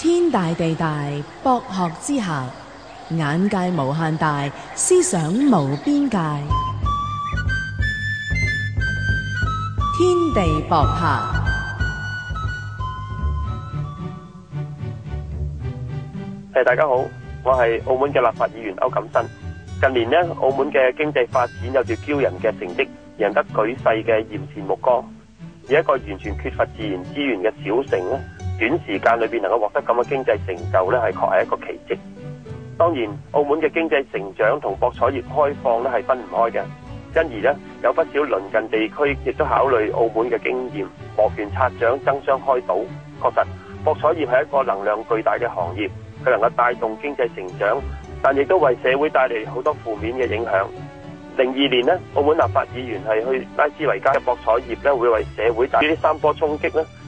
天大地大，博學之下眼界無限大，思想無邊界。天地博客，hey，大家好，我係澳門嘅立法議員歐錦新。近年呢，澳門嘅經濟發展有住驕人嘅成績，贏得舉世嘅艷羨目光。而一個完全缺乏自然資源嘅小城呢短時間裏邊能夠獲得咁嘅經濟成就呢，係確係一個奇蹟。當然，澳門嘅經濟成長同博彩業開放呢，係分唔開嘅，因而呢有不少鄰近地區亦都考慮澳門嘅經驗，摩拳擦掌爭相開賭。確實，博彩業係一個能量巨大嘅行業，佢能夠帶動經濟成長，但亦都為社會帶嚟好多負面嘅影響。零二年呢，澳門立法議員係去拉斯維加嘅博彩業呢，會為社會帶嚟啲三波衝擊呢。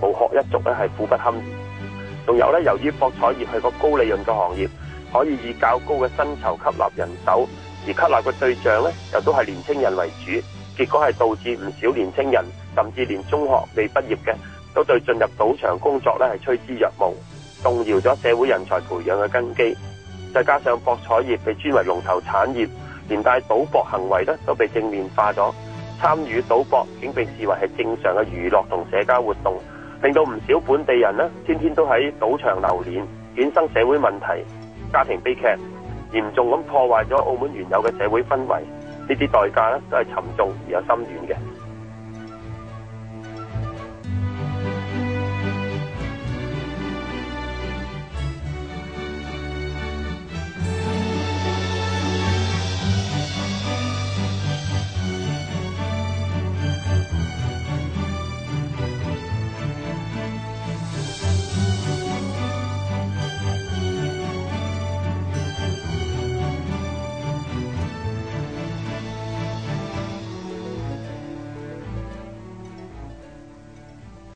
無學一族咧，係苦不堪。仲有咧，由於博彩業係個高利潤嘅行業，可以以較高嘅薪酬吸納人手，而吸納嘅對象咧又都係年青人為主，結果係導致唔少年青人，甚至連中學未畢業嘅，都對進入賭場工作咧係趨之若鶩，動搖咗社會人才培養嘅根基。再加上博彩業被尊為龍頭產業，連帶賭博行為咧都被正面化咗，參與賭博已經被視為係正常嘅娛樂同社交活動。令到唔少本地人呢，天天都喺賭場流連，衍生社會問題，家庭悲劇，嚴重咁破壞咗澳門原有嘅社會氛圍，呢啲代價呢，都係沉重而又深遠嘅。